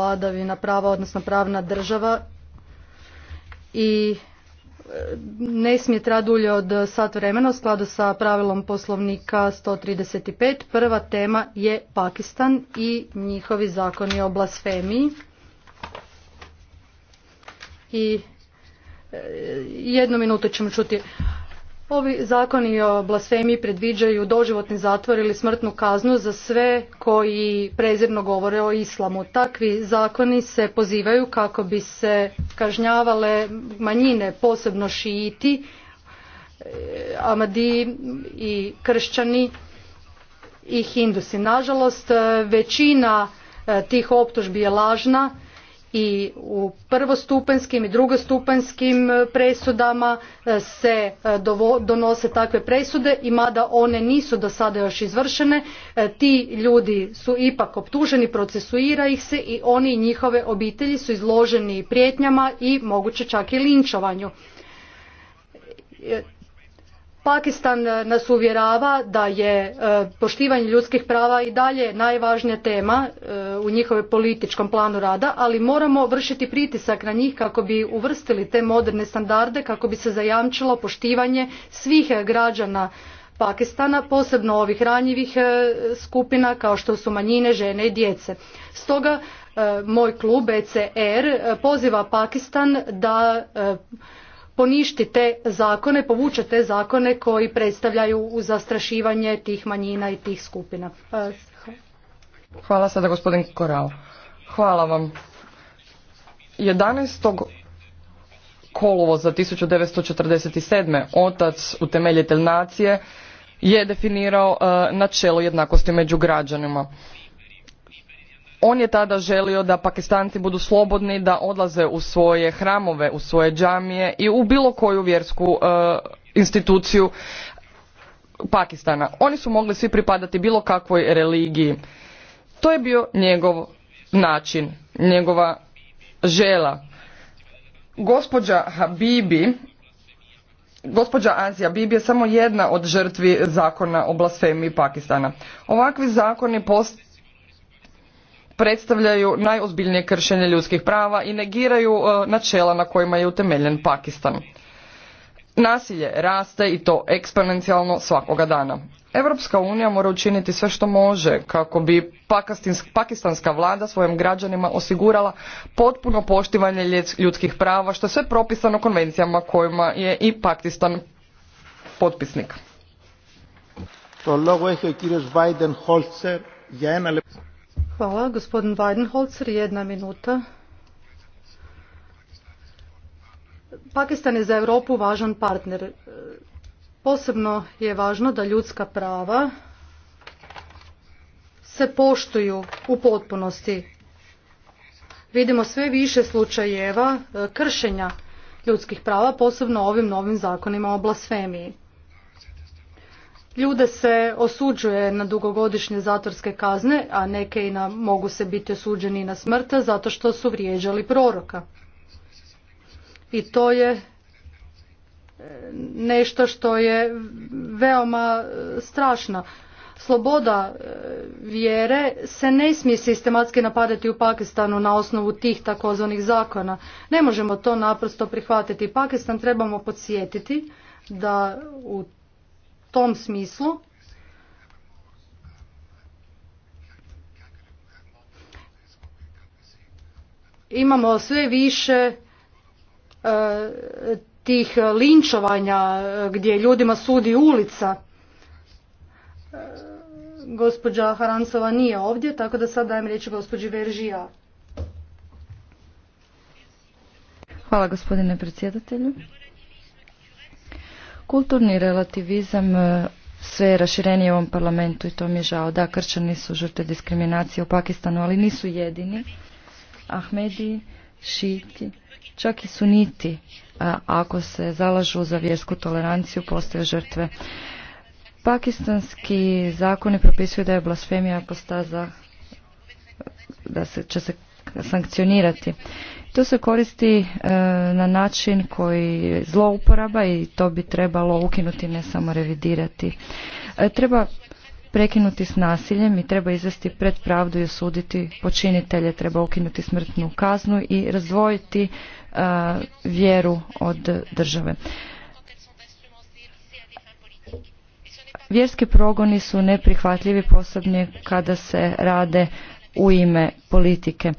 vladavina prava, odnosno pravna država i e, ne smije trajati dulje od sat vremena u skladu sa pravilom poslovnika 135. Prva tema je Pakistan i njihovi zakoni o blasfemiji. I e, jednu minutu ćemo čuti Ovi zakoni o blasfemiji predviđaju doživotni zatvor ili smrtnu kaznu za sve koji prezirno govore o islamu. Takvi zakoni se pozivaju kako bi se kažnjavale manjine, posebno šiiti, e, amadi i kršćani i hindusi. Nažalost, e, većina e, tih optužbi je lažna i u prvostupanjskim i drugostupanjskim e, presudama e, se e, donose takve presude i mada one nisu do sada još izvršene ti ljudi su ipak optuženi procesuira ih se i oni i njihove obitelji su izloženi prijetnjama i moguće čak i linčovanju Pakistan eh, nas uvjerava da je eh, poštivanje ljudskih prava i dalje najvažnija tema eh, u njihovom političkom planu rada, ali moramo vršiti pritisak na njih kako bi uvrstili te moderne standarde, kako bi se zajamčilo poštivanje svih građana Pakistana, posebno ovih ranjivih skupina kao što su manjine, žene i djece. Stoga moj klub ECR poziva Pakistan da poništi te zakone, povuče te zakone koji predstavljaju zastrašivanje tih manjina i tih skupina. E, Hvala sada gospodin Koral. Hvala vam. 11. kolovoza 1947. otac, utemeljitelj nacije, je definirao e, načelo jednakosti među građanima on je tada želio da pakistanci budu slobodni da odlaze u svoje hramove u svoje džamije i u bilo koju vjersku e, instituciju pakistana oni su mogli svi pripadati bilo kakvoj religiji to je bio njegov način njegova žela gospođa habibi Gospođa Azija Bibi je samo jedna od žrtvi zakona o blasfemiji Pakistana. Ovakvi zakoni predstavljaju najozbiljnije kršenje ljudskih prava i negiraju e, načela na kojima je utemeljen Pakistan. Nasilje raste i to eksponencijalno svakoga dana. Europska unija mora učiniti sve što može kako bi pakistanska vlada svojim građanima osigurala potpuno poštivanje ljudskih prava što je sve propisano konvencijama kojima je i Pakistan potpisnik. Hvala. Gospodin Weidenholzer, jedna minuta. Pakistan je za Europu važan partner. Posebno je važno da ljudska prava se poštuju u potpunosti. Vidimo sve više slučajeva eh, kršenja ljudskih prava, posebno ovim novim zakonima o blasfemiji. Ljude se osuđuje na dugogodišnje zatvorske kazne, a neke i na, mogu se biti osuđeni na smrt zato što su vrijeđali proroka. I to je e, nešto što je veoma e, strašno. Sloboda e, vjere se ne smije sistematski napadati u Pakistanu na osnovu tih takozvanih zakona. Ne možemo to naprosto prihvatiti. Pakistan trebamo podsjetiti da u tom smislu imamo sve više e, tih linčovanja e, gdje ljudima sudi ulica. E, gospođa Harancova nije ovdje, tako da sad dajem riječ gospođi Veržija. Hvala gospodine predsjedatelju. Kulturni relativizam e, sve je raširenije u ovom parlamentu i to mi je žao. Da, krčani su žrtve diskriminacije u Pakistanu, ali nisu jedini. Ahmedi, šiti, čak i suniti, ako se zalažu za vjersku toleranciju, postaju žrtve. Pakistanski zakoni propisuju da je blasfemija apostaza da će se sankcionirati. To se koristi e, na način koji zlouporaba i to bi trebalo ukinuti, ne samo revidirati. E, treba prekinuti s nasiljem i treba izvesti pred pravdu i osuditi počinitelje, treba ukinuti smrtnu kaznu i razdvojiti e, vjeru od države. Vjerski progoni su neprihvatljivi posebno kada se rade u ime politike.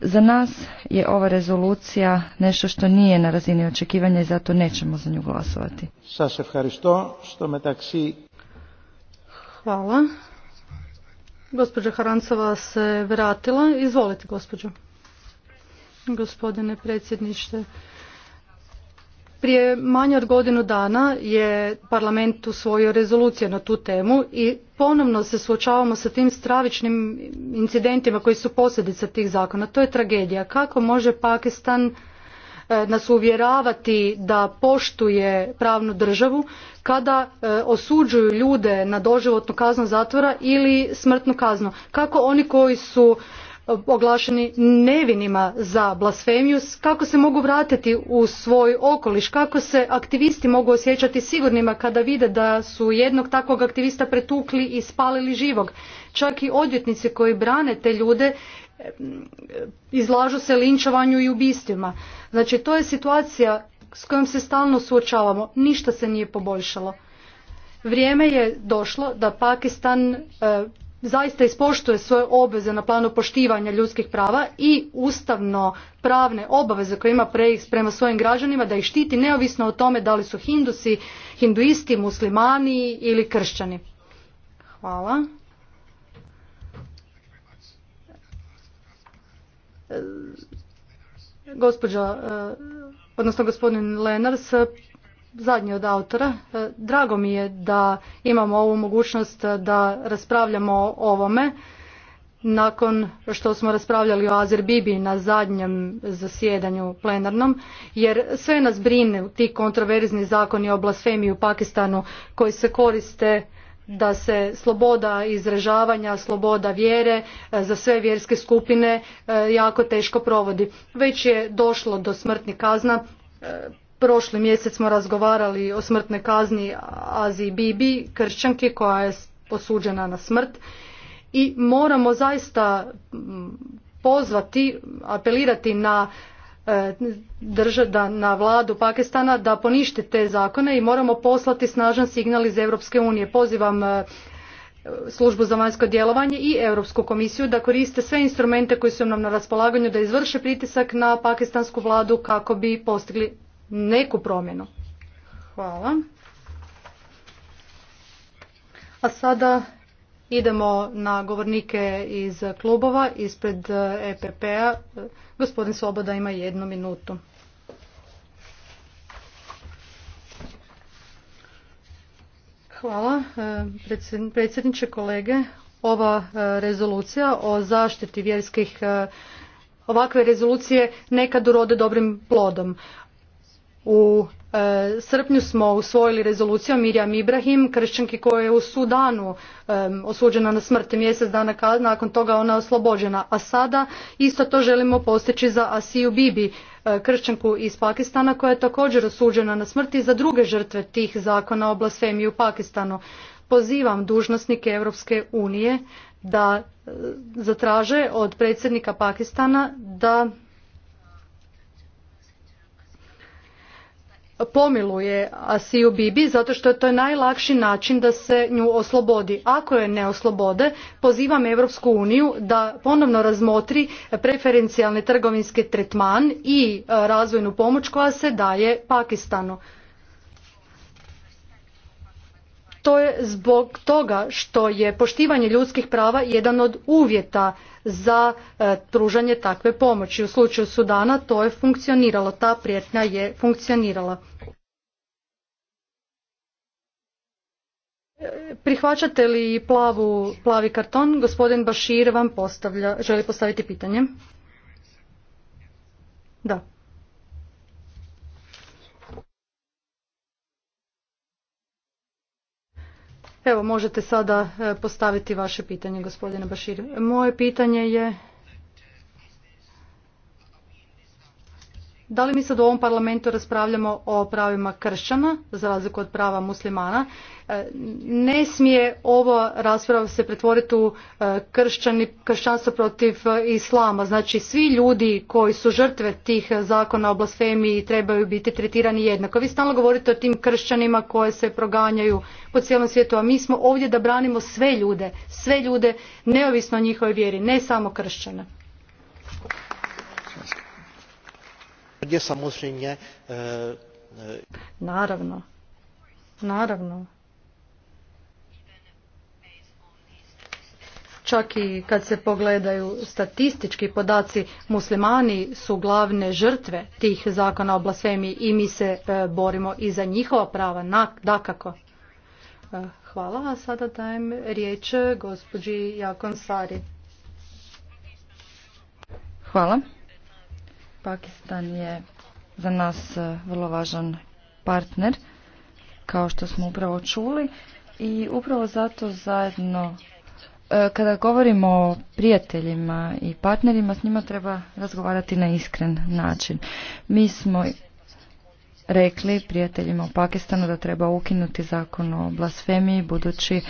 Za nas je ova rezolucija nešto što nije na razini očekivanja i zato nećemo za nju glasovati. Hvala. Gospođa Harancova se vratila. Izvolite, gospođo. Gospodine predsjedniče, prije manje od godinu dana je parlament usvojio rezolucije na tu temu i ponovno se suočavamo sa tim stravičnim incidentima koji su posljedica tih zakona. To je tragedija. Kako može Pakistan e, nas uvjeravati da poštuje pravnu državu kada e, osuđuju ljude na doživotnu kaznu zatvora ili smrtnu kaznu kako oni koji su oglašeni nevinima za blasfemiju, kako se mogu vratiti u svoj okoliš, kako se aktivisti mogu osjećati sigurnima kada vide da su jednog takvog aktivista pretukli i spalili živog. Čak i odvjetnici koji brane te ljude izlažu se linčovanju i ubistvima. Znači to je situacija s kojom se stalno suočavamo. Ništa se nije poboljšalo. Vrijeme je došlo da Pakistan e, zaista ispoštuje svoje obveze na planu poštivanja ljudskih prava i ustavno pravne obaveze koje ima prema svojim građanima da ih štiti neovisno o tome da li su hindusi, hinduisti, muslimani ili kršćani. Hvala. E, e, odnosno gospodin Lenars zadnji od autora. E, drago mi je da imamo ovu mogućnost da raspravljamo o ovome. Nakon što smo raspravljali o azer na zadnjem zasjedanju plenarnom, jer sve nas brine ti kontroverzni zakoni o blasfemiji u Pakistanu koji se koriste da se sloboda izražavanja, sloboda vjere e, za sve vjerske skupine e, jako teško provodi. Već je došlo do smrtnih kazna Prošli mjesec smo razgovarali o smrtnoj kazni Aziji Bibi, Kršćanke koja je osuđena na smrt i moramo zaista mm, pozvati, apelirati na e, država na vladu Pakistana da ponište te zakone i moramo poslati snažan signal iz Europske unije. Pozivam e, službu za vanjsko djelovanje i Europsku komisiju da koriste sve instrumente koji su nam na raspolaganju da izvrše pritisak na pakistansku vladu kako bi postigli neku promjenu. Hvala. A sada idemo na govornike iz klubova, ispred EPP-a. E gospodin Soboda ima jednu minutu. Hvala e, predsjedniče kolege. Ova e, rezolucija o zaštiti vjerskih ovakve rezolucije nekad urode dobrim plodom. U e, srpnju smo usvojili rezoluciju Mirjam Ibrahim, kršćanki koja je u Sudanu e, osuđena na smrti, mjesec dana nakon toga ona je oslobođena. A sada isto to želimo postići za Asiju Bibi, e, kršćanku iz Pakistana koja je također osuđena na smrti za druge žrtve tih zakona o blasfemiji u Pakistanu. Pozivam dužnosnike Europske unije da zatraže od predsjednika Pakistana da pomiluje Asiju Bibi zato što je to najlakši način da se nju oslobodi. Ako je ne oslobode, pozivam Europsku uniju da ponovno razmotri preferencijalni trgovinski tretman i e, razvojnu pomoć koja se daje Pakistanu. To je zbog toga što je poštivanje ljudskih prava jedan od uvjeta za e, pružanje takve pomoći. U slučaju Sudana to je funkcioniralo, ta prijetnja je funkcionirala. Prihvaćate li plavu, plavi karton? Gospodin Bašir vam postavlja, želi postaviti pitanje. Da. Evo, možete sada e, postaviti vaše pitanje, gospodine Bašir. Moje pitanje je Da li mi sad u ovom parlamentu raspravljamo o pravima kršćana, za razliku od prava muslimana? E, ne smije ova rasprava se pretvoriti u e, kršćani, kršćanstvo protiv e, islama. Znači, svi ljudi koji su žrtve tih zakona o blasfemiji trebaju biti tretirani jednako. Vi stalno govorite o tim kršćanima koje se proganjaju po cijelom svijetu, a mi smo ovdje da branimo sve ljude, sve ljude neovisno o njihovoj vjeri, ne samo kršćane samozřejmě e, e, Naravno. Naravno. Čak i kad se pogledaju statistički podaci, muslimani su glavne žrtve tih zakona o blasfemiji i mi se e, borimo i za njihova prava, dakako. Hvala, a sada dajem riječ gospođi Jakon Sari. Hvala. Pakistan je za nas e, vrlo važan partner, kao što smo upravo čuli. I upravo zato zajedno, e, kada govorimo o prijateljima i partnerima, s njima treba razgovarati na iskren način. Mi smo rekli prijateljima u Pakistanu da treba ukinuti zakon o blasfemiji, budući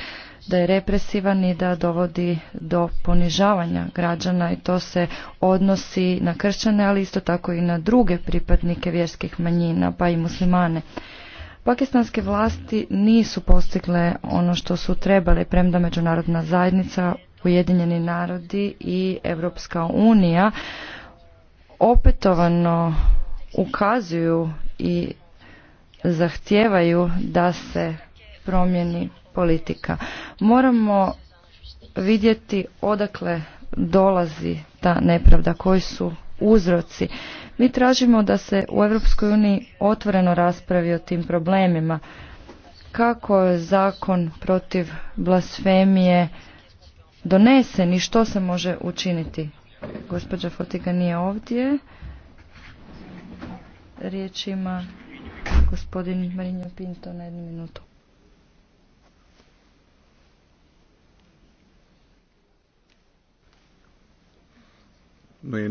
da je represivan i da dovodi do ponižavanja građana i to se odnosi na kršćane, ali isto tako i na druge pripadnike vjerskih manjina, pa i muslimane. Pakistanske vlasti nisu postigle ono što su trebale, premda međunarodna zajednica, Ujedinjeni narodi i Europska unija opetovano ukazuju i zahtijevaju da se promjeni politika. Moramo vidjeti odakle dolazi ta nepravda, koji su uzroci. Mi tražimo da se u Europskoj uniji otvoreno raspravi o tim problemima. Kako je zakon protiv blasfemije donesen i što se može učiniti? Gospođa Fotiga nije ovdje. Riječ ima gospodin Marinja Pinto na jednu minutu. No je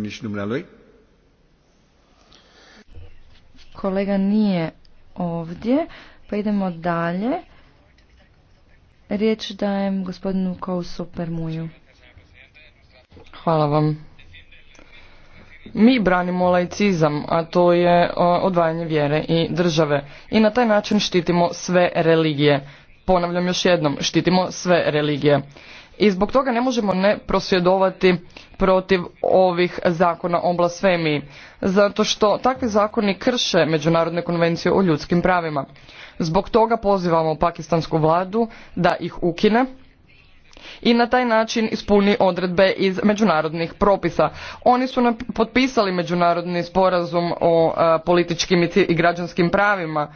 Kolega nije ovdje, pa idemo dalje. Riječ dajem gospodinu Kousu Permuju. Hvala vam. Mi branimo laicizam, a to je odvajanje vjere i države. I na taj način štitimo sve religije. Ponavljam još jednom, štitimo sve religije i zbog toga ne možemo ne prosvjedovati protiv ovih zakona o blasfemiji, zato što takvi zakoni krše Međunarodne konvencije o ljudskim pravima. Zbog toga pozivamo pakistansku vladu da ih ukine i na taj način ispuni odredbe iz međunarodnih propisa. Oni su nam potpisali međunarodni sporazum o političkim i građanskim pravima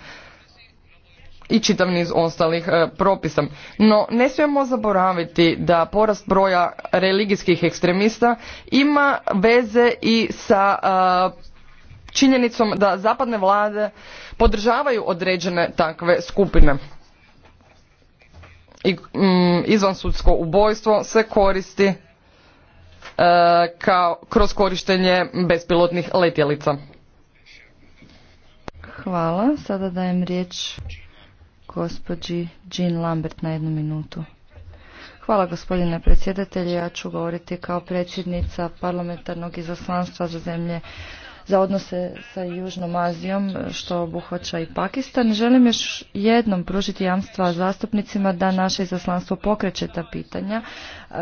i čitav niz ostalih e, propisa. No, ne smijemo zaboraviti da porast broja religijskih ekstremista ima veze i sa e, činjenicom da zapadne vlade podržavaju određene takve skupine i mm, izvansudsko ubojstvo se koristi e, kao kroz korištenje bespilotnih letjelica. Hvala. Sada dajem riječ gospođi Jean Lambert na jednu minutu. Hvala gospodine predsjedatelju, ja ću govoriti kao predsjednica parlamentarnog izaslanstva za zemlje za odnose sa Južnom Azijom, što obuhvaća i Pakistan. Želim još jednom pružiti jamstva zastupnicima da naše izaslanstvo pokreće ta pitanja e,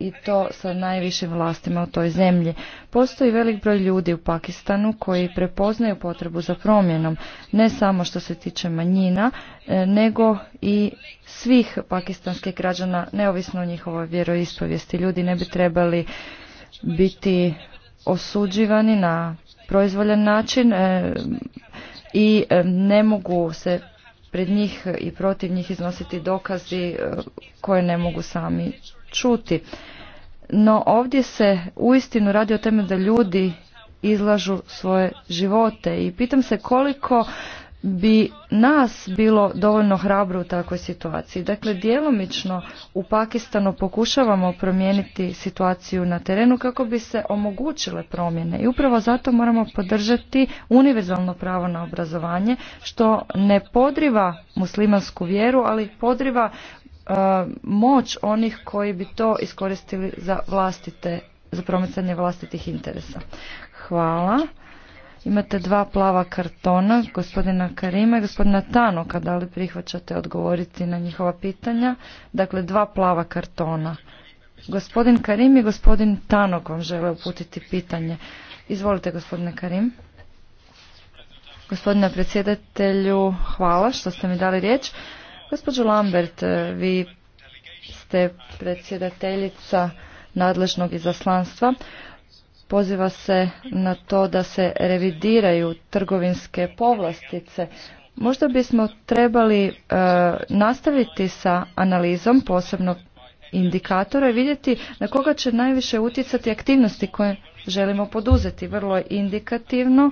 i to sa najvišim vlastima u toj zemlji. Postoji velik broj ljudi u Pakistanu koji prepoznaju potrebu za promjenom, ne samo što se tiče manjina, e, nego i svih pakistanskih građana, neovisno o njihovoj vjeroispovijesti. Ljudi ne bi trebali biti osuđivani na proizvoljan način e, i e, ne mogu se pred njih i protiv njih iznositi dokazi e, koje ne mogu sami čuti. No ovdje se uistinu radi o tome da ljudi izlažu svoje živote i pitam se koliko bi nas bilo dovoljno hrabro u takvoj situaciji. Dakle, djelomično u Pakistanu pokušavamo promijeniti situaciju na terenu kako bi se omogućile promjene i upravo zato moramo podržati univerzalno pravo na obrazovanje što ne podriva muslimansku vjeru, ali podriva e, moć onih koji bi to iskoristili za vlastite, za promicanje vlastitih interesa. Hvala. Imate dva plava kartona, gospodina Karima i gospodina Tanoka, da li prihvaćate odgovoriti na njihova pitanja? Dakle, dva plava kartona. Gospodin Karim i gospodin Tanok vam žele uputiti pitanje. Izvolite, gospodine Karim. Gospodine predsjedatelju, hvala što ste mi dali riječ. Gospođo Lambert, vi ste predsjedateljica nadležnog izaslanstva poziva se na to da se revidiraju trgovinske povlastice. Možda bismo trebali e, nastaviti sa analizom posebno indikatora i vidjeti na koga će najviše utjecati aktivnosti koje želimo poduzeti. Vrlo je indikativno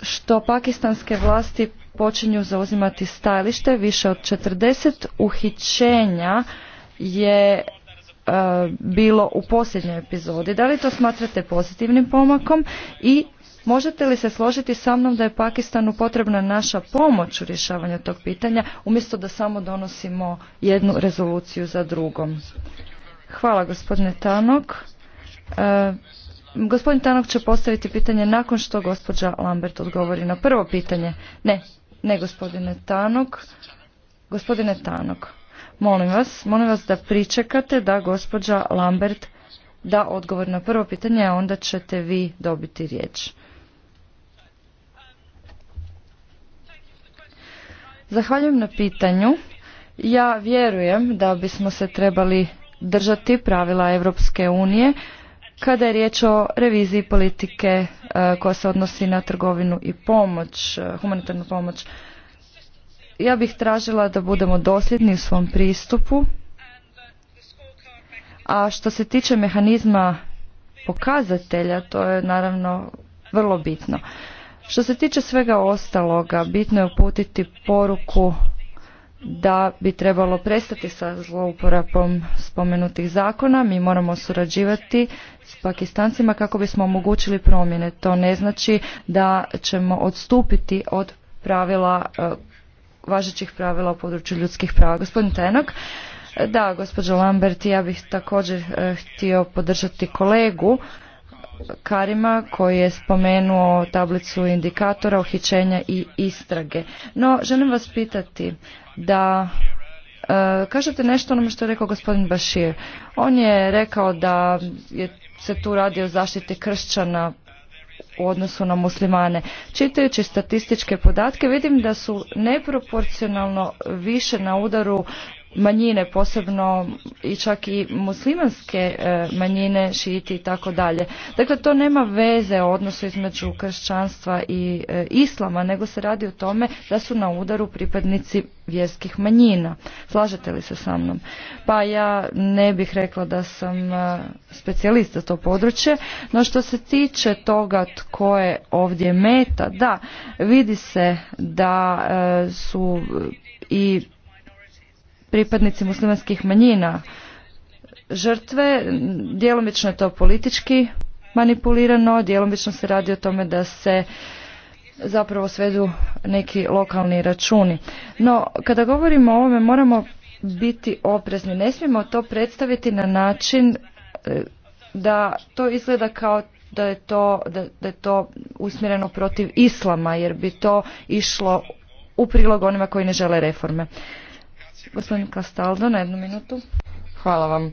što pakistanske vlasti počinju zauzimati stajalište. Više od 40 uhićenja je E, bilo u posljednjoj epizodi. Da li to smatrate pozitivnim pomakom i možete li se složiti sa mnom da je Pakistanu potrebna naša pomoć u rješavanju tog pitanja umjesto da samo donosimo jednu rezoluciju za drugom? Hvala gospodine Tanok. E, gospodin Tanok će postaviti pitanje nakon što gospođa Lambert odgovori na prvo pitanje. Ne, ne gospodine Tanok. Gospodine Tanok. Molim vas, molim vas da pričekate da gospođa Lambert da odgovor na prvo pitanje, a onda ćete vi dobiti riječ. Zahvaljujem na pitanju. Ja vjerujem da bismo se trebali držati pravila Europske unije kada je riječ o reviziji politike eh, koja se odnosi na trgovinu i pomoć, eh, humanitarnu pomoć ja bih tražila da budemo dosljedni u svom pristupu. A što se tiče mehanizma pokazatelja, to je naravno vrlo bitno. Što se tiče svega ostaloga, bitno je uputiti poruku da bi trebalo prestati sa zlouporabom spomenutih zakona. Mi moramo surađivati s pakistancima kako bismo omogućili promjene. To ne znači da ćemo odstupiti od pravila e, važećih pravila u području ljudskih prava. Gospodin Tenok, da, gospođo Lambert, ja bih također eh, htio podržati kolegu Karima koji je spomenuo tablicu indikatora, uhićenja i istrage. No, želim vas pitati da eh, kažete nešto onome što je rekao gospodin Bashir. On je rekao da je se tu radi o zaštiti kršćana u odnosu na muslimane. Čitajući statističke podatke vidim da su neproporcionalno više na udaru manjine, posebno i čak i muslimanske e, manjine, šiti i tako dalje. Dakle, to nema veze o odnosu između kršćanstva i e, islama, nego se radi o tome da su na udaru pripadnici vjerskih manjina. Slažete li se sa mnom? Pa ja ne bih rekla da sam e, specijalista to područje, no što se tiče toga tko je ovdje meta, da, vidi se da su i pripadnici muslimanskih manjina žrtve. Djelomično je to politički manipulirano, djelomično se radi o tome da se zapravo svedu neki lokalni računi. No, kada govorimo o ovome moramo biti oprezni. Ne smijemo to predstaviti na način e, da to izgleda kao da je to, da, da je to usmjereno protiv islama jer bi to išlo u prilog onima koji ne žele reforme. Gospodin Kastaldo, na jednu minutu. Hvala vam.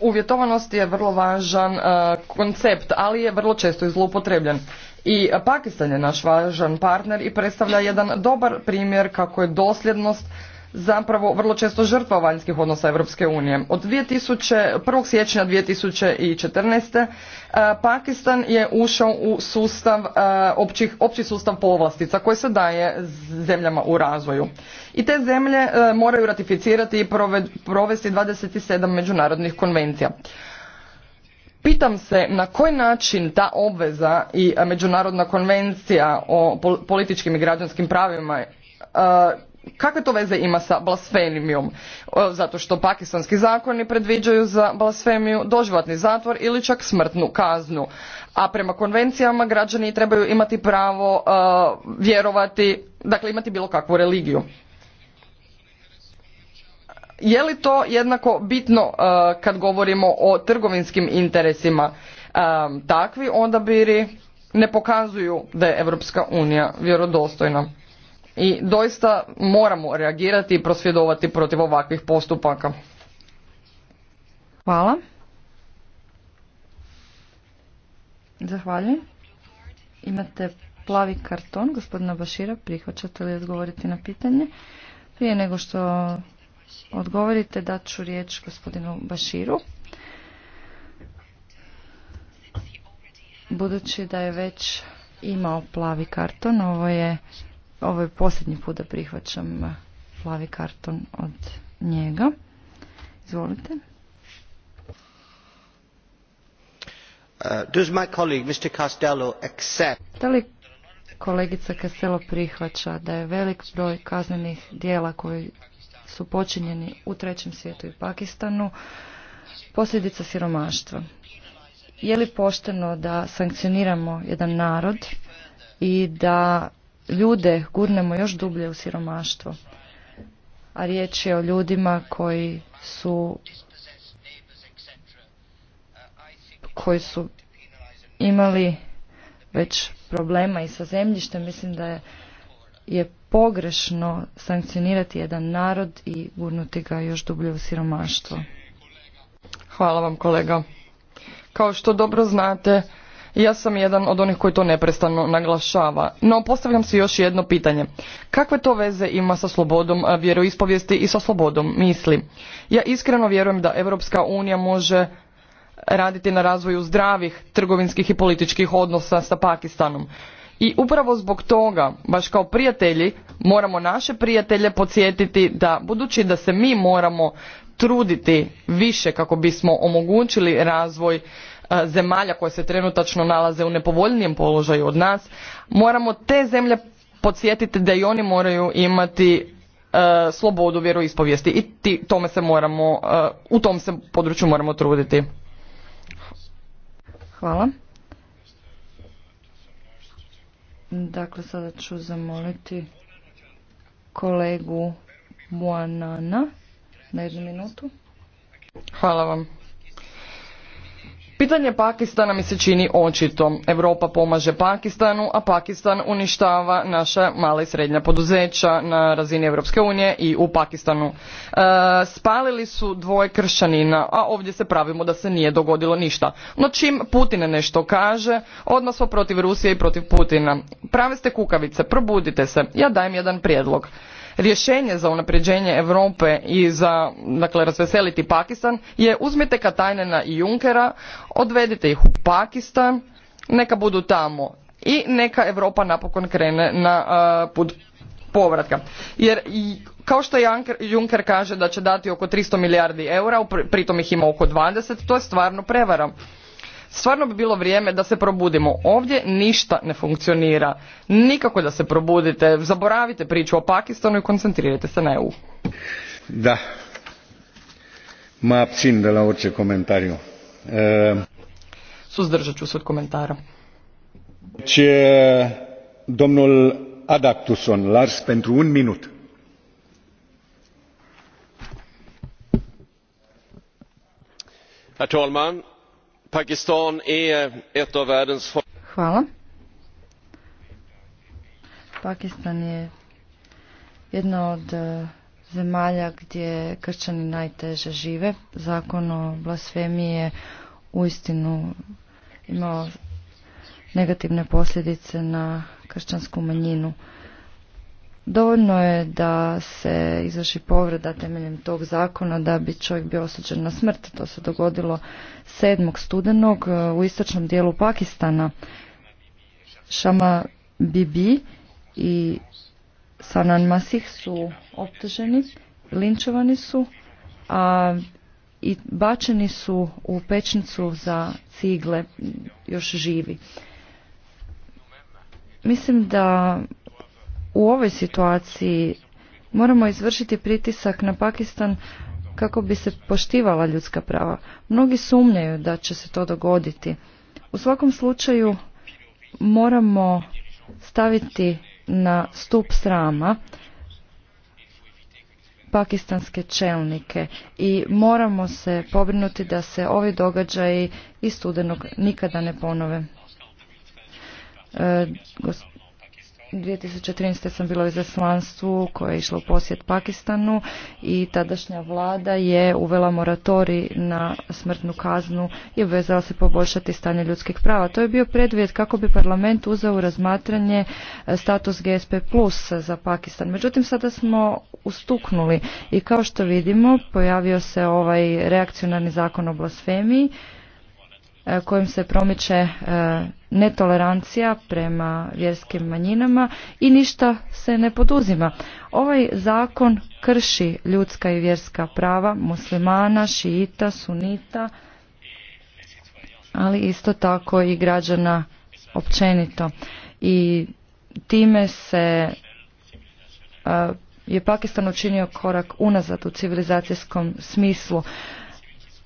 Uvjetovanost je vrlo važan e, koncept, ali je vrlo često i zloupotrebljen. I Pakistan je naš važan partner i predstavlja jedan dobar primjer kako je dosljednost zapravo vrlo često žrtva vanjskih odnosa Europske unije. Od 2000, 1. siječnja 2014. E, Pakistan je ušao u sustav, e, općih, opći sustav povlastica koji se daje zemljama u razvoju. I te zemlje e, moraju ratificirati i provesti 27 međunarodnih konvencija. Pitam se na koji način ta obveza i međunarodna konvencija o političkim i građanskim pravima kakve to veze ima sa blasfemijom? Zato što pakistanski zakoni predviđaju za blasfemiju doživotni zatvor ili čak smrtnu kaznu. A prema konvencijama građani trebaju imati pravo e, vjerovati, dakle imati bilo kakvu religiju. Je li to jednako bitno e, kad govorimo o trgovinskim interesima? E, takvi odabiri ne pokazuju da je Europska unija vjerodostojna i doista moramo reagirati i prosvjedovati protiv ovakvih postupaka. Hvala. Zahvaljujem. Imate plavi karton gospodina Bašira. Prihvaćate li odgovoriti na pitanje? Prije nego što odgovorite, dat ću riječ gospodinu Baširu. Budući da je već imao plavi karton, ovo je ovo je posljednji put da prihvaćam plavi karton od njega. Izvolite. Uh, da li kolegica Castello prihvaća da je velik broj kaznenih dijela koji su počinjeni u trećem svijetu i Pakistanu posljedica siromaštva? Je li pošteno da sankcioniramo jedan narod i da ljude gurnemo još dublje u siromaštvo. A riječ je o ljudima koji su koji su imali već problema i sa zemljištem, mislim da je, je pogrešno sankcionirati jedan narod i gurnuti ga još dublje u siromaštvo. Hvala vam kolega. Kao što dobro znate, ja sam jedan od onih koji to neprestano naglašava. No, postavljam si još jedno pitanje. Kakve to veze ima sa slobodom vjeroispovijesti i sa slobodom misli? Ja iskreno vjerujem da Europska unija može raditi na razvoju zdravih trgovinskih i političkih odnosa sa Pakistanom. I upravo zbog toga, baš kao prijatelji, moramo naše prijatelje podsjetiti da, budući da se mi moramo truditi više kako bismo omogućili razvoj E, zemalja koje se trenutačno nalaze u nepovoljnijem položaju od nas moramo te zemlje podsjetiti da i oni moraju imati e, slobodu vjeroispovijesti i tome se moramo e, u tom se području moramo truditi hvala dakle sada ću zamoliti kolegu Moanana na jednu minutu hvala vam Pitanje Pakistana mi se čini očito. Europa pomaže Pakistanu, a Pakistan uništava naša mala i srednja poduzeća na razini Europske unije i u Pakistanu. E, spalili su dvoje kršćanina, a ovdje se pravimo da se nije dogodilo ništa. No čim Putin nešto kaže, odmah smo protiv Rusije i protiv Putina. Prave ste kukavice, probudite se. Ja dajem jedan prijedlog. Rješenje za unapređenje Europe i za dakle razveseliti Pakistan je uzmite Katajnena i Junkera, odvedite ih u Pakistan, neka budu tamo i neka Europa napokon krene na put povratka. Jer kao što Juncker kaže da će dati oko 300 milijardi eura, pritom ih ima oko 20, to je stvarno prevara. Stvarno bi bilo vrijeme da se probudimo. Ovdje ništa ne funkcionira. Nikako da se probudite. Zaboravite priču o Pakistanu i koncentrirajte se na EU. Da. Ma abțin de la orice E... Suzdržat ću se od komentara. Če domnul Adactuson Lars pentru un minut. Herr tolman... Pakistan Hvala. Pakistan je jedna od eh, zemalja gdje kršćani najteže žive. Zakon o blasfemiji je uistinu imao negativne posljedice na kršćansku manjinu. Dovoljno je da se izvrši povreda temeljem tog zakona da bi čovjek bio osuđen na smrt. To se dogodilo 7. studenog e, u istočnom dijelu Pakistana. Shama Bibi i Sanan Masih su optuženi, linčovani su, a i bačeni su u pečnicu za cigle još živi. Mislim da u ovoj situaciji moramo izvršiti pritisak na Pakistan kako bi se poštivala ljudska prava. Mnogi sumnjaju da će se to dogoditi. U svakom slučaju moramo staviti na stup srama pakistanske čelnike i moramo se pobrinuti da se ovi događaji iz studenog nikada ne ponove. E, 2013. sam bila u izaslanstvu koje je išlo u posjet Pakistanu i tadašnja vlada je uvela moratori na smrtnu kaznu i obvezala se poboljšati stanje ljudskih prava. To je bio predvijet kako bi parlament uzeo u razmatranje e, status GSP plus za Pakistan. Međutim, sada smo ustuknuli i kao što vidimo pojavio se ovaj reakcionarni zakon o blasfemiji E, kojim se promiče e, netolerancija prema vjerskim manjinama i ništa se ne poduzima. Ovaj zakon krši ljudska i vjerska prava muslimana, šiita, sunita, ali isto tako i građana općenito. I time se e, je Pakistan učinio korak unazad u civilizacijskom smislu.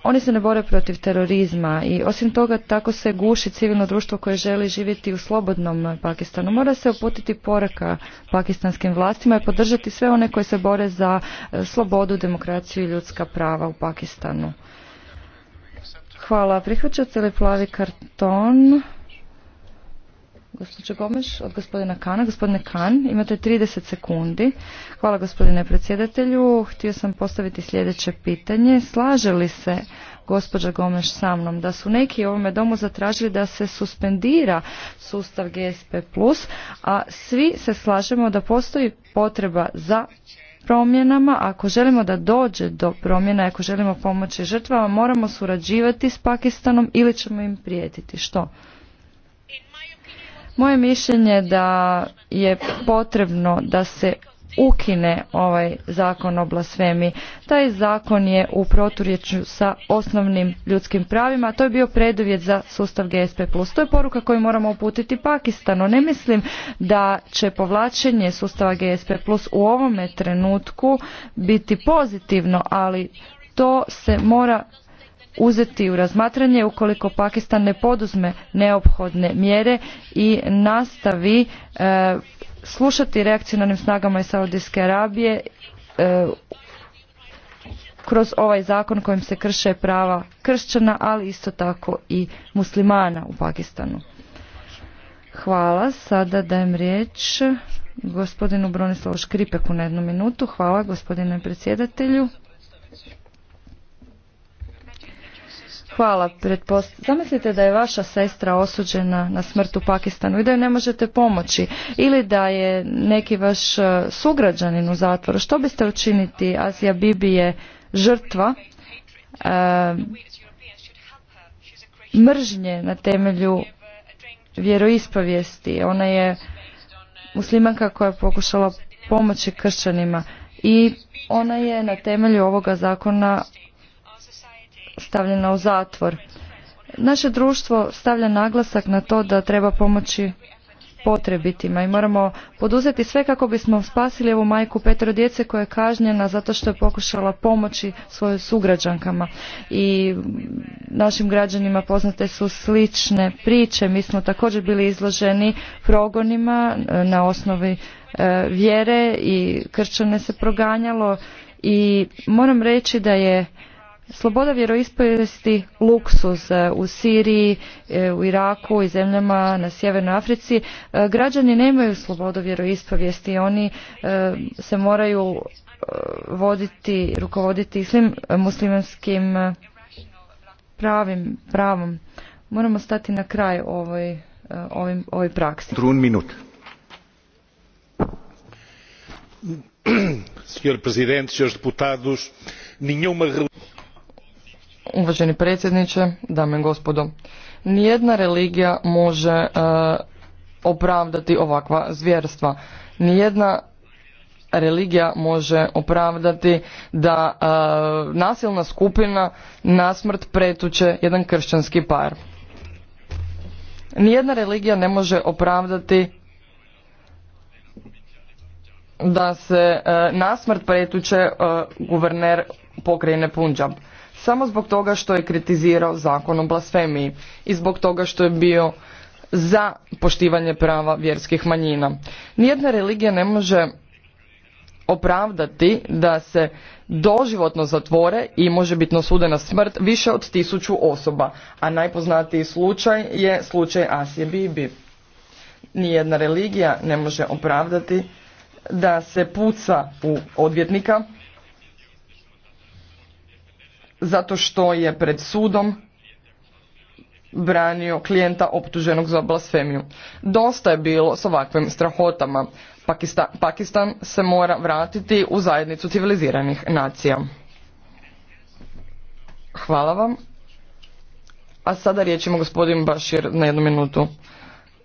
Oni se ne bore protiv terorizma i osim toga tako se guši civilno društvo koje želi živjeti u slobodnom Pakistanu. Mora se uputiti poraka pakistanskim vlastima i podržati sve one koji se bore za e, slobodu, demokraciju i ljudska prava u Pakistanu. Hvala. Prihvaćate li plavi karton? gospođo Gomeš, od gospodina Kana. Gospodine Kan, imate 30 sekundi. Hvala gospodine predsjedatelju. Htio sam postaviti sljedeće pitanje. Slaže li se gospođa Gomes sa mnom da su neki u ovome domu zatražili da se suspendira sustav GSP+, a svi se slažemo da postoji potreba za promjenama, ako želimo da dođe do promjena, ako želimo pomoći žrtvama, moramo surađivati s Pakistanom ili ćemo im prijetiti. Što? Moje mišljenje da je potrebno da se ukine ovaj zakon o blasfemi. Taj zakon je u proturječju sa osnovnim ljudskim pravima, a to je bio preduvjet za sustav GSP+. To je poruka koju moramo uputiti Pakistanu. Ne mislim da će povlačenje sustava GSP+, u ovome trenutku biti pozitivno, ali to se mora uzeti u razmatranje ukoliko Pakistan ne poduzme neophodne mjere i nastavi e, slušati reakcionarnim snagama iz Saudijske Arabije e, kroz ovaj zakon kojim se krše prava kršćana, ali isto tako i muslimana u Pakistanu. Hvala. Sada dajem riječ gospodinu Bronislavu Škripeku na jednu minutu. Hvala gospodine predsjedatelju. Hvala. Zamislite da je vaša sestra osuđena na smrt u Pakistanu i da joj ne možete pomoći ili da je neki vaš e, sugrađanin u zatvoru. Što biste učiniti? Azija Bibi je žrtva e, mržnje na temelju vjeroispovijesti. Ona je muslimanka koja je pokušala pomoći kršćanima i ona je na temelju ovoga zakona stavljena u zatvor. Naše društvo stavlja naglasak na to da treba pomoći potrebitima i moramo poduzeti sve kako bismo spasili ovu majku petero djece koja je kažnjena zato što je pokušala pomoći svojim sugrađankama i našim građanima poznate su slične priče mi smo također bili izloženi progonima e, na osnovi e, vjere i kršćane se proganjalo i moram reći da je Sloboda vjeroispovijesti luksuz e, u Siriji, e, u Iraku i zemljama na Sjevernoj Africi. E, građani nemaju slobodu vjeroispovijesti, oni se moraju voditi, rukovoditi islim muslimanskim pravim pravom. Moramo stati na kraj ovoj, ovoj praksi. Trun minut. Senhor Presidente, senhores deputados, nenhuma Uvaženi predsjedniče, dame i gospodo, nijedna religija može e, opravdati ovakva zvjerstva. Nijedna religija može opravdati da e, nasilna skupina nasmrt pretuče jedan kršćanski par. Nijedna religija ne može opravdati da se e, nasmrt pretuče guverner pokrajine Punjab samo zbog toga što je kritizirao zakon o blasfemiji i zbog toga što je bio za poštivanje prava vjerskih manjina. Nijedna religija ne može opravdati da se doživotno zatvore i može biti nosudena na smrt više od tisuću osoba, a najpoznatiji slučaj je slučaj Asije Bibi. Nijedna religija ne može opravdati da se puca u odvjetnika zato što je pred sudom branio klijenta optuženog za blasfemiju. Dosta je bilo s ovakvim strahotama. Pakistan, se mora vratiti u zajednicu civiliziranih nacija. Hvala vam. A sada riječimo gospodinu gospodin Bašir na jednu minutu.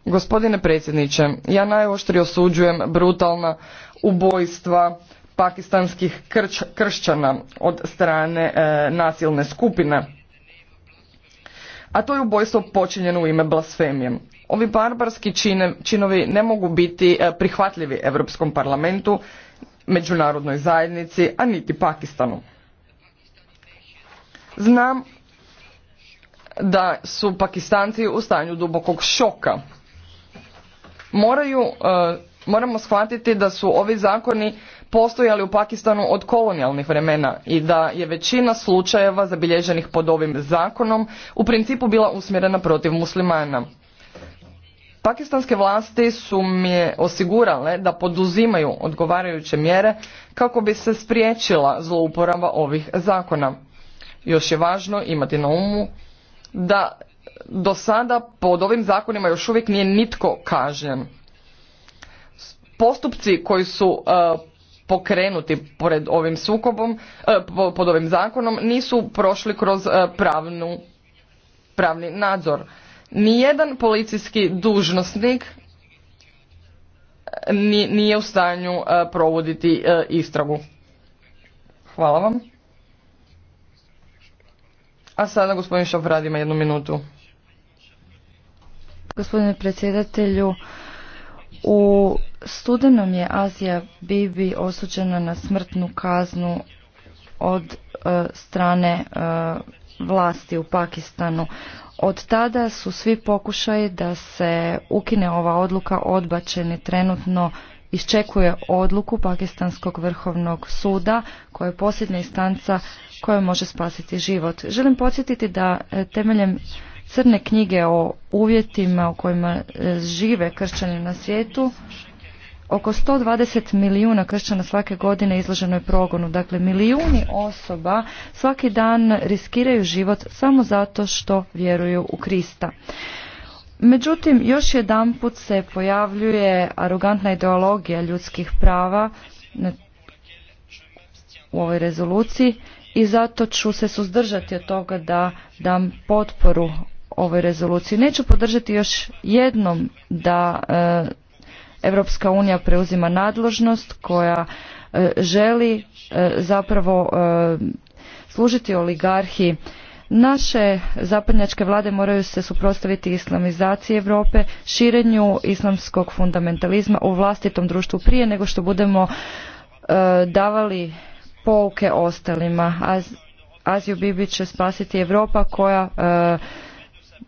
Gospodine predsjedniče, ja najoštrije osuđujem brutalna ubojstva, pakistanskih krč, kršćana od strane e, nasilne skupine. A to je ubojstvo počinjeno u ime blasfemije. Ovi barbarski čine, činovi ne mogu biti e, prihvatljivi Europskom parlamentu, međunarodnoj zajednici, a niti Pakistanu. Znam da su Pakistanci u stanju dubokog šoka. Moraju, e, moramo shvatiti da su ovi zakoni postojali u Pakistanu od kolonijalnih vremena i da je većina slučajeva zabilježenih pod ovim zakonom u principu bila usmjerena protiv muslimana. Pakistanske vlasti su mi osigurale da poduzimaju odgovarajuće mjere kako bi se spriječila zlouporaba ovih zakona. Još je važno imati na umu da do sada pod ovim zakonima još uvijek nije nitko kažen. Postupci koji su e, pokrenuti pored ovim sukobom, e, pod ovim zakonom nisu prošli kroz e, pravnu, pravni nadzor. Nijedan policijski dužnosnik e, nije u stanju provoditi istragu. Hvala vam. A sada gospodin Šafrad ima jednu minutu. Gospodine predsjedatelju, u studenom je Azija Bibi osuđena na smrtnu kaznu od e, strane e, vlasti u Pakistanu. Od tada su svi pokušaji da se ukine ova odluka odbačeni trenutno iščekuje odluku Pakistanskog vrhovnog suda koja je posljednja istanca koja može spasiti život. Želim podsjetiti da e, temeljem crne knjige o uvjetima u kojima e, žive kršćani na svijetu, oko 120 milijuna kršćana svake godine izloženo je progonu. Dakle, milijuni osoba svaki dan riskiraju život samo zato što vjeruju u Krista. Međutim, još jedanput se pojavljuje arogantna ideologija ljudskih prava u ovoj rezoluciji i zato ću se suzdržati od toga da dam potporu ovoj rezoluciji. Neću podržati još jednom da Europska unija preuzima nadložnost koja e, želi e, zapravo e, služiti oligarhiji. Naše zapadnjačke vlade moraju se suprotstaviti islamizaciji Europe, širenju islamskog fundamentalizma u vlastitom društvu prije nego što budemo davali pouke ostalima. Aziju Bibi će spasiti Europa koja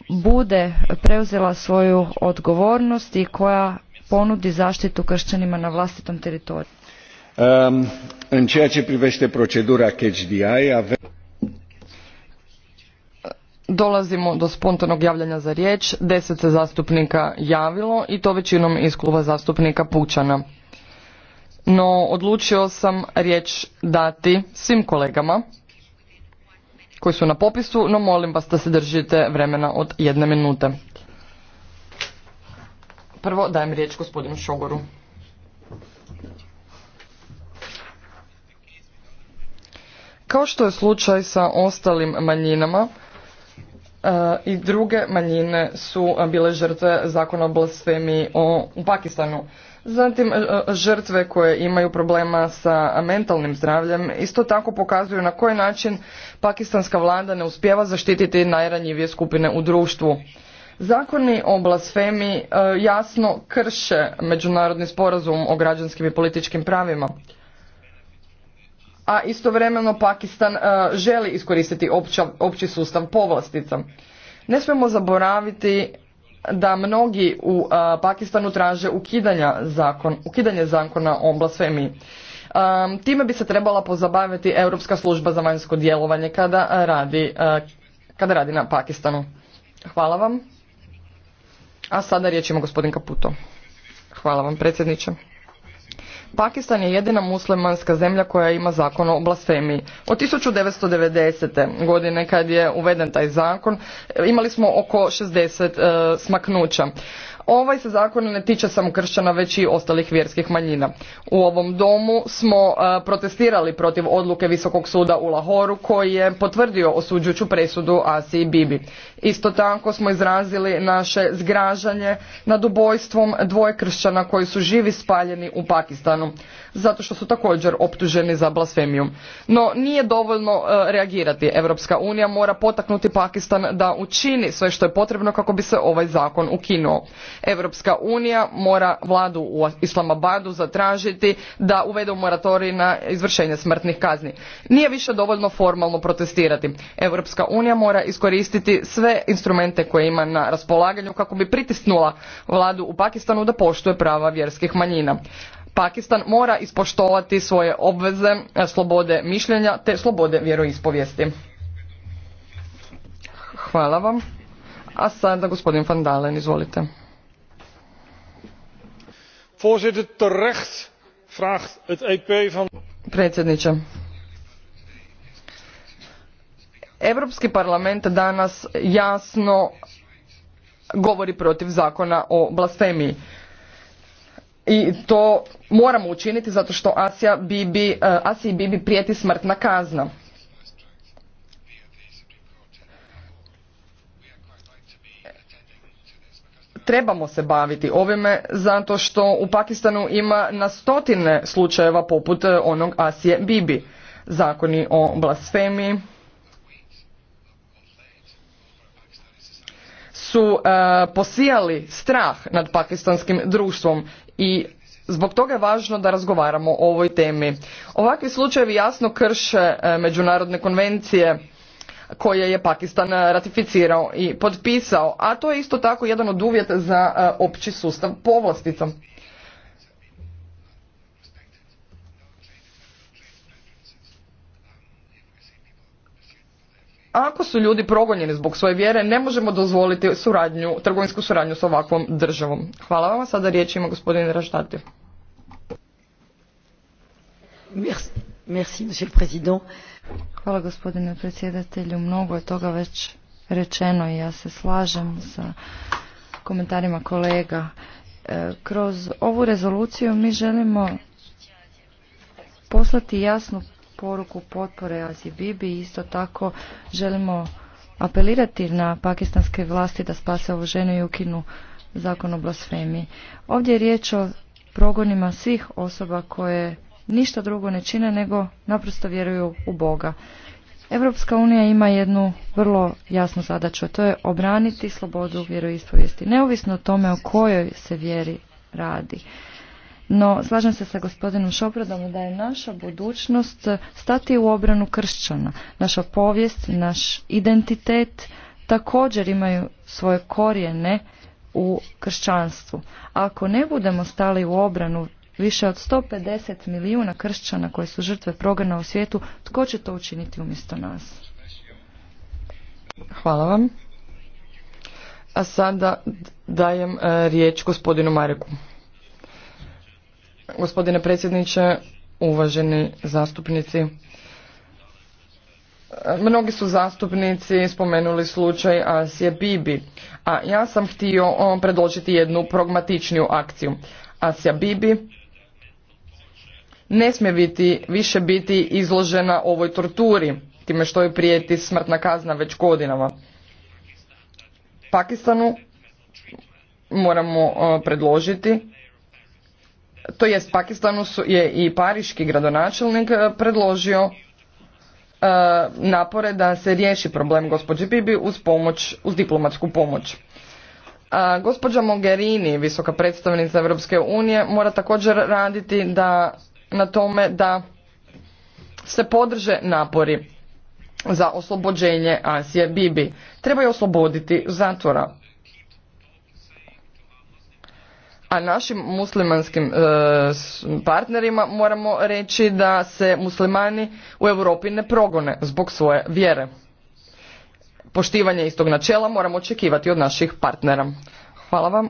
bude preuzela svoju odgovornost i koja ponudi zaštitu kršćanima na vlastitom teritoriju. Um, procedura Dolazimo do spontanog javljanja za riječ. Deset se zastupnika javilo i to većinom iz kluba zastupnika Pučana. No, odlučio sam riječ dati svim kolegama koji su na popisu, no molim vas da se držite vremena od jedne minute. Prvo dajem riječ gospodinu Šogoru. Kao što je slučaj sa ostalim manjinama, e, i druge manjine su bile žrtve zakona o blasfemiji u Pakistanu. Zatim, e, žrtve koje imaju problema sa mentalnim zdravljem isto tako pokazuju na koji način pakistanska vlada ne uspjeva zaštititi najranjivije skupine u društvu. Zakoni o blasfemiji e, jasno krše međunarodni sporazum o građanskim i političkim pravima. A istovremeno Pakistan e, želi iskoristiti opći sustav povlastica. Ne smemo zaboraviti da mnogi u Pakistanu traže ukidanja zakon, ukidanje zakona o blasfemiji. mi. time bi se trebala pozabaviti Europska služba za vanjsko djelovanje kada radi, kada radi na Pakistanu. Hvala vam. A sada riječ ima gospodin Kaputo. Hvala vam predsjedniče. Pakistan je jedina muslimanska zemlja koja ima zakon o blasfemiji. Od 1990. godine kad je uveden taj zakon imali smo oko 60 e, smaknuća. Ovaj se zakon ne tiče samo kršćana, već i ostalih vjerskih manjina. U ovom domu smo e, protestirali protiv odluke Visokog suda u Lahoru koji je potvrdio osuđujuću presudu Asi i Bibi. Isto tako smo izrazili naše zgražanje nad ubojstvom dvoje kršćana koji su živi spaljeni u Pakistanu, zato što su također optuženi za blasfemiju. No nije dovoljno e, reagirati. Europska unija mora potaknuti Pakistan da učini sve što je potrebno kako bi se ovaj zakon ukinuo. Europska unija mora vladu u Islamabadu zatražiti da uvede moratorij na izvršenje smrtnih kazni. Nije više dovoljno formalno protestirati. Europska unija mora iskoristiti sve instrumente koje ima na raspolaganju kako bi pritisnula vladu u Pakistanu da poštuje prava vjerskih manjina. Pakistan mora ispoštovati svoje obveze, slobode mišljenja te slobode vjeroispovijesti. Hvala vam. A sada gospodin Van Dalen, izvolite voorzitter terecht vraagt het ep van. predsjedniče europski parlament danas jasno govori protiv zakona o blasfemiji i to moramo učiniti zato što Asija eh, Asiji Bibi prijeti smrtna kazna. trebamo se baviti ovime zato što u Pakistanu ima na stotine slučajeva poput e, onog Asije Bibi. Zakoni o blasfemiji su e, posijali strah nad pakistanskim društvom i Zbog toga je važno da razgovaramo o ovoj temi. Ovakvi slučajevi jasno krše e, međunarodne konvencije koje je Pakistan e, ratificirao i potpisao, a to je isto tako jedan od uvjeta za e, opći sustav povlastica. Ako su ljudi progonjeni zbog svoje vjere, ne možemo dozvoliti suradnju, trgovinsku suradnju s ovakvom državom. Hvala vam, sada riječ ima gospodin Raštati. Hvala gospodine predsjedatelju. Mnogo je toga već rečeno i ja se slažem sa komentarima kolega. E, kroz ovu rezoluciju mi želimo poslati jasnu poruku potpore Azije Bibi. Isto tako želimo apelirati na pakistanske vlasti da spase ovu ženu i ukinu zakon o blasfemiji. Ovdje je riječ o progonima svih osoba koje ništa drugo ne čine nego naprosto vjeruju u Boga. Europska unija ima jednu vrlo jasnu zadaću, to je obraniti slobodu vjeroispovijesti, neovisno o tome o kojoj se vjeri radi. No, slažem se sa gospodinom Šopradom da je naša budućnost stati u obranu kršćana. Naša povijest, naš identitet također imaju svoje korijene u kršćanstvu. Ako ne budemo stali u obranu više od 150 milijuna kršćana koji su žrtve progona u svijetu, tko će to učiniti umjesto nas? Hvala vam. A sada dajem e, riječ gospodinu Mareku. Gospodine predsjedniče, uvaženi zastupnici, e, Mnogi su zastupnici spomenuli slučaj Asije Bibi, a ja sam htio predložiti jednu pragmatičniju akciju. Asija Bibi ne smije biti, više biti izložena ovoj torturi, time što joj prijeti smrtna kazna već godinama. Pakistanu moramo e, predložiti to jest Pakistanu je i pariški gradonačelnik e, predložio e, napore da se riješi problem gospođe Bibi uz pomoć, uz diplomatsku pomoć. gospođa Mogherini, visoka predstavnica Europske unije, mora također raditi da na tome da se podrže napori za oslobođenje Asije Bibi. Treba je osloboditi zatvora. A našim muslimanskim e, partnerima moramo reći da se muslimani u Europi ne progone zbog svoje vjere. Poštivanje istog načela moramo očekivati od naših partnera. Hvala vam.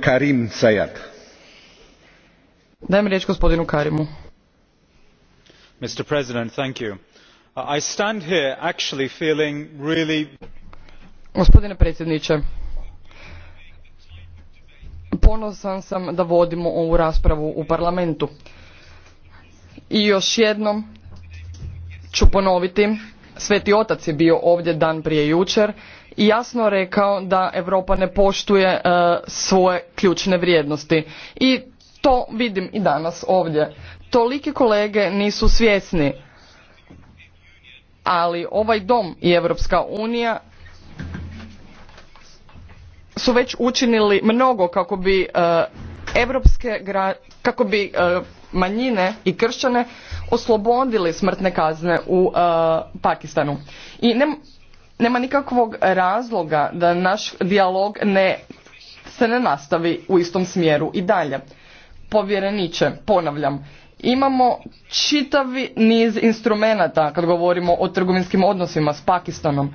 Karim Dajem riječ gospodinu Karimu. Mr. President, I stand here actually feeling really... Gospodine predsjedniče, ponosan sam da vodimo ovu raspravu u parlamentu. I još jednom ću ponoviti Sveti otac je bio ovdje dan prije jučer i jasno rekao da Europa ne poštuje e, svoje ključne vrijednosti. I to vidim i danas ovdje. Toliki kolege nisu svjesni, ali ovaj dom i Europska unija su već učinili mnogo kako bi europske kako bi e, manjine i kršćane oslobodili smrtne kazne u uh, Pakistanu. I nema nikakvog razloga da naš dijalog ne se ne nastavi u istom smjeru i dalje. Povjereniče, ponavljam, imamo čitavi niz instrumenata kad govorimo o trgovinskim odnosima s Pakistanom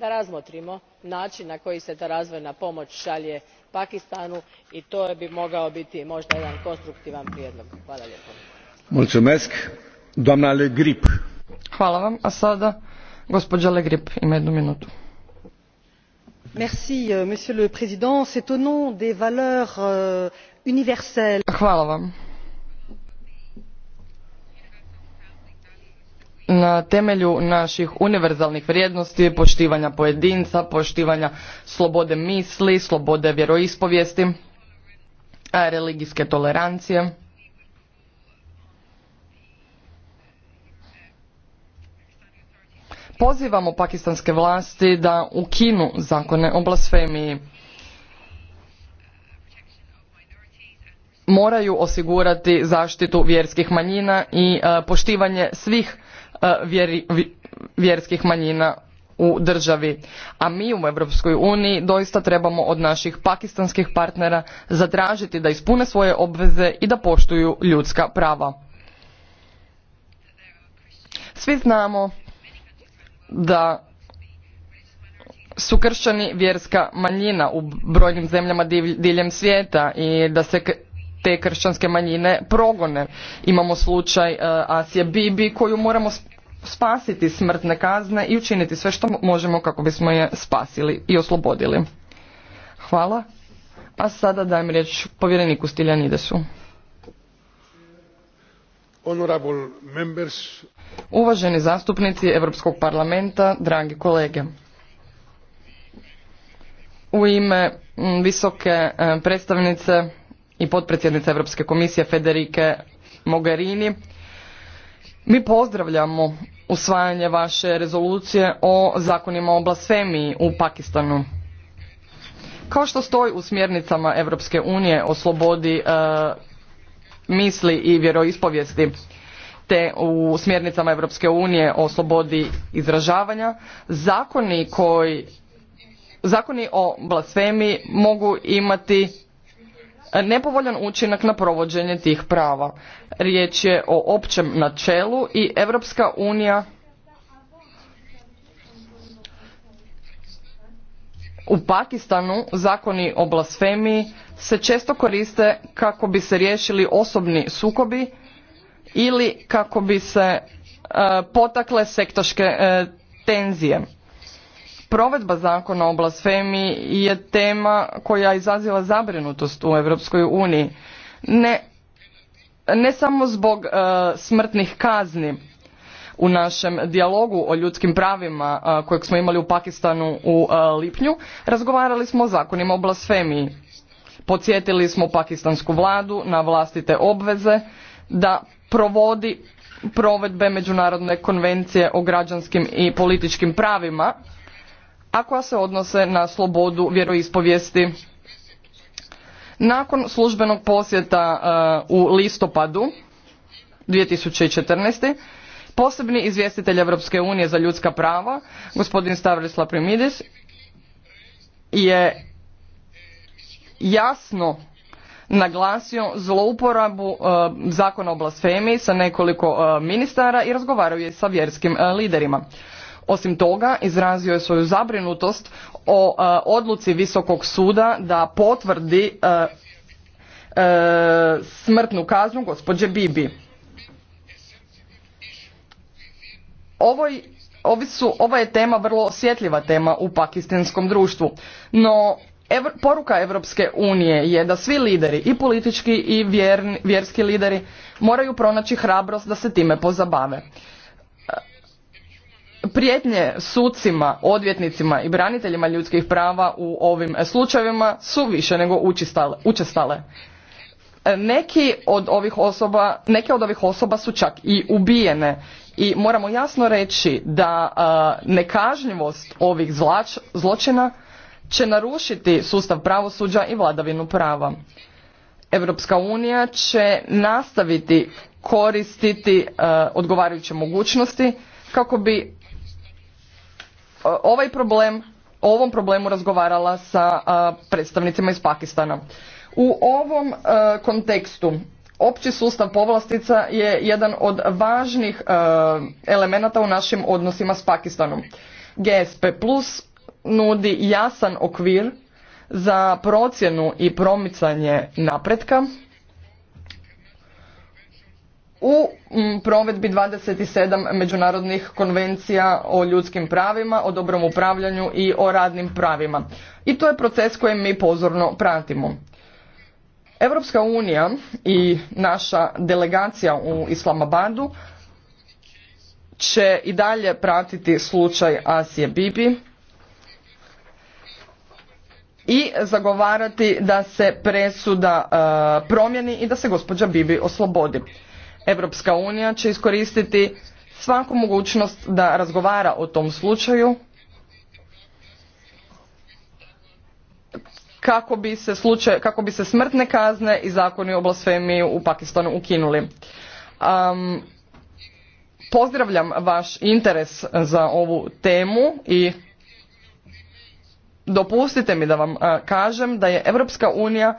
da razmotrimo način na koji se ta razvojna pomoć šalje pakistanu i to bi mogao biti možda jedan konstruktivan prijedlog. hvala vam. A sada, Le Legrip ima jednu minutu. Merci, euh, monsieur le président c'est au nom des valeurs euh, universelles. hvala vam na temelju naših univerzalnih vrijednosti, poštivanja pojedinca, poštivanja slobode misli, slobode vjeroispovijesti, religijske tolerancije. Pozivamo pakistanske vlasti da ukinu zakone o blasfemiji. Moraju osigurati zaštitu vjerskih manjina i e, poštivanje svih E, vjeri, vjerskih manjina u državi. A mi u Europskoj uniji doista trebamo od naših pakistanskih partnera zatražiti da ispune svoje obveze i da poštuju ljudska prava. Svi znamo da su kršćani vjerska manjina u brojnim zemljama diljem svijeta i da se te kršćanske manjine progone. Imamo slučaj e, Asije Bibi koju moramo spasiti smrtne kazne i učiniti sve što možemo kako bismo je spasili i oslobodili. Hvala. A sada dajem riječ povjereniku Stiljanidesu. Uvaženi zastupnici Europskog parlamenta, dragi kolege. U ime visoke e, predstavnice i potpredsjednica Europske komisije Federike Mogherini. Mi pozdravljamo usvajanje vaše rezolucije o zakonima o blasfemiji u Pakistanu. Kao što stoji u smjernicama Europske unije o slobodi e, misli i vjeroispovijesti, te u smjernicama Europske unije o slobodi izražavanja, zakoni koji zakoni o blasfemiji mogu imati nepovoljan učinak na provođenje tih prava. Riječ je o općem načelu i Europska unija U Pakistanu zakoni o blasfemiji se često koriste kako bi se riješili osobni sukobi ili kako bi se e, potakle sektaške e, tenzije. Provedba zakona o blasfemiji je tema koja izaziva zabrinutost u Europskoj uniji. Ne, ne samo zbog e, smrtnih kazni u našem dijalogu o ljudskim pravima e, kojeg smo imali u Pakistanu u e, lipnju, razgovarali smo o zakonima o blasfemiji. Podsjetili smo pakistansku vladu na vlastite obveze da provodi provedbe Međunarodne konvencije o građanskim i političkim pravima a koja se odnose na slobodu vjeroispovijesti. Nakon službenog posjeta uh, u listopadu 2014. posebni izvjestitelj Europske unije za ljudska prava, gospodin Stavris Laprimidis, je jasno naglasio zlouporabu uh, zakona o blasfemiji sa nekoliko uh, ministara i razgovarao je sa vjerskim liderima. Osim toga, izrazio je svoju zabrinutost o e, odluci Visokog suda da potvrdi e, e, smrtnu kaznu gospođe Bibi. Ovoj Ovi ova je tema vrlo osjetljiva tema u pakistanskom društvu. No, poruka Europske unije je da svi lideri, i politički i vjerski lideri, moraju pronaći hrabrost da se time pozabave prijetnje sucima, odvjetnicima i braniteljima ljudskih prava u ovim slučajevima su više nego učistale, učestale. E, neki od ovih osoba, neke od ovih osoba su čak i ubijene i moramo jasno reći da e, nekažnjivost ovih zlač, zločina će narušiti sustav pravosuđa i vladavinu prava. Europska unija će nastaviti koristiti e, odgovarajuće mogućnosti kako bi ovaj problem, o ovom problemu razgovarala sa predstavnicima iz Pakistana. U ovom kontekstu opći sustav povlastica je jedan od važnih elemenata u našim odnosima s Pakistanom. GSP Plus nudi jasan okvir za procjenu i promicanje napretka u mm, provedbi 27 međunarodnih konvencija o ljudskim pravima, o dobrom upravljanju i o radnim pravima. I to je proces koji mi pozorno pratimo. Europska unija i naša delegacija u Islamabadu će i dalje pratiti slučaj Asije Bibi i zagovarati da se presuda e, promjeni i da se gospođa Bibi oslobodi. Europska unija će iskoristiti svaku mogućnost da razgovara o tom slučaju kako bi se, slučaj, kako bi se smrtne kazne i zakoni o blasfemiji u Pakistanu ukinuli. pozdravljam vaš interes za ovu temu i dopustite mi da vam kažem da je Europska unija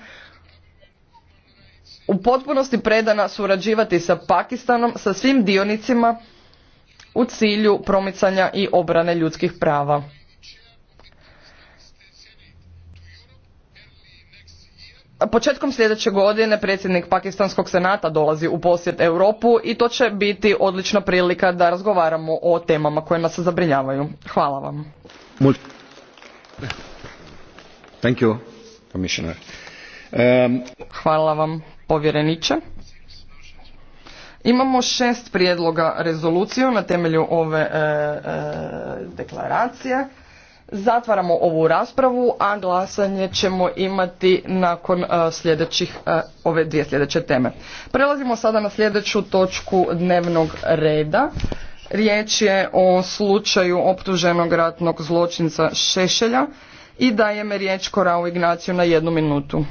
u potpunosti predana surađivati sa Pakistanom, sa svim dionicima u cilju promicanja i obrane ljudskih prava. Početkom sljedeće godine predsjednik Pakistanskog senata dolazi u posjet Europu i to će biti odlična prilika da razgovaramo o temama koje nas zabrinjavaju. Hvala vam. Um, Hvala vam povjereniče. Imamo šest prijedloga rezoluciju na temelju ove e, e, deklaracije. Zatvaramo ovu raspravu, a glasanje ćemo imati nakon e, sljedećih, ove dvije sljedeće teme. Prelazimo sada na sljedeću točku dnevnog reda. Riječ je o slučaju optuženog ratnog zločinca Šešelja i dajem riječ Korao Ignaciju na jednu minutu.